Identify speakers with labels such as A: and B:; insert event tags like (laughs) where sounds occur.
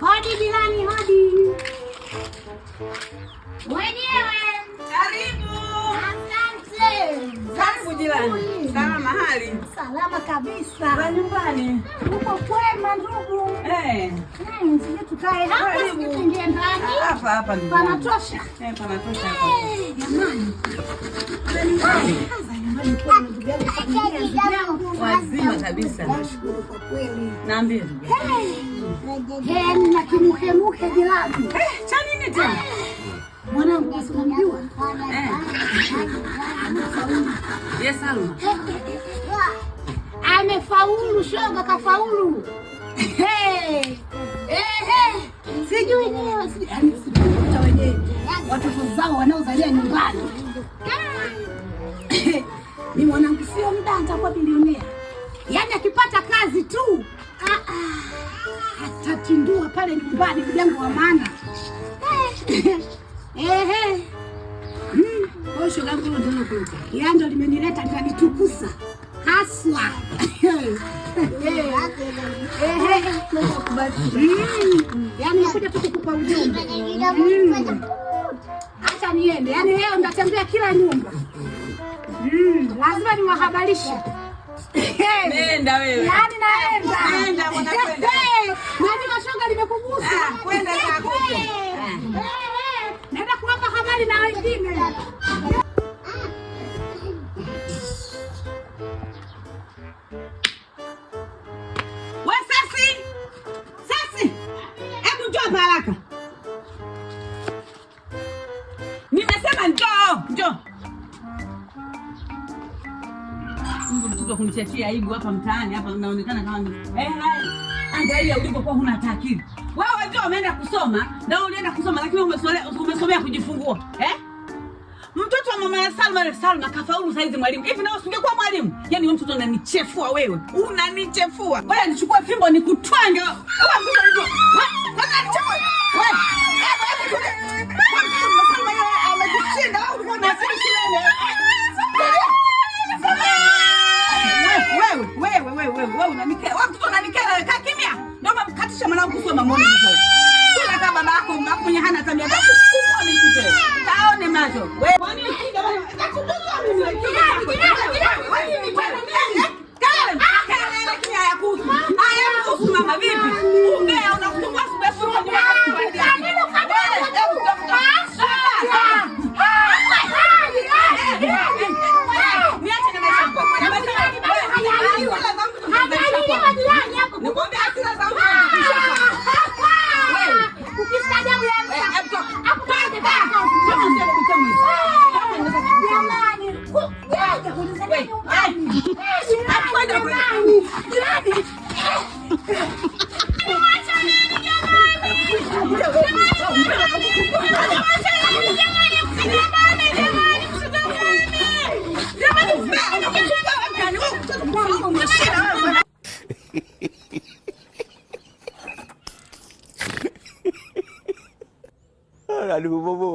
A: Hodi jirani, hodi mwenyewe.
B: Karibu.
A: Asante.
B: Karibu jirani. Salama hali?
A: Salama kabisa. Za nyumbani? Uko kwema ndugu? Eh. eh sije tukae hapa, sije tuingie ndani.
B: Hapa hapa ndugu.
A: Panatosha.
B: Eh, panatosha eh, Jamani wazima kabisa, nashukuru kwa kweli. Naambia eh, mwanangu, unamjua eh.
A: amefaulu, shoga kafaulu. Sijui yaani
B: wenyewe watoto zao wanaozalia nyumbani (laughs) ni mwanangu sio muda atakuwa bilionea, yaani akipata kazi tu
A: ah, ah,
B: atatindua pale nyumbani mjengo wa maana. Ehe, eh, eh. hmm. ndo limenileta likanitukusa haswa. (laughs) Eh, hmm. Yaani nakuja tu kukupa ujumbe, hmm. acha niende. Yaani leo ndatembea kila nyumba Mm, lazima niwahabarishe. Nenda wewe.
A: Yaani naenda.
B: Nenda mwanakwenda.
A: Maji mashoga nimekugusa.
B: Ah, kwenda zako.
A: Nenda kuwapa habari na wengine.
B: Wewe sasi. Sasi. Hebu njoo haraka. mtoto kunichachia aibu hapa mtaani hapa, naonekana kama eh, angalia ulivyokuwa huna akili wewe. Ndio umeenda kusoma na ulienda kusoma lakini umesomea kujifungua eh? Mtoto wa mama ya Salma, Salma kafaulu saizi mwalimu. Hivi nawe usingekuwa mwalimu? Yaani wewe mtoto unanichefua wewe, unanichefua. Bora nichukue fimbo nikutwange. wangu sio mamoni vizuri. Sio kama babako mbapo nyahana tabia zako sio mimi. Kaone macho. Wewe kwani shida wewe?
A: Lalu bobo.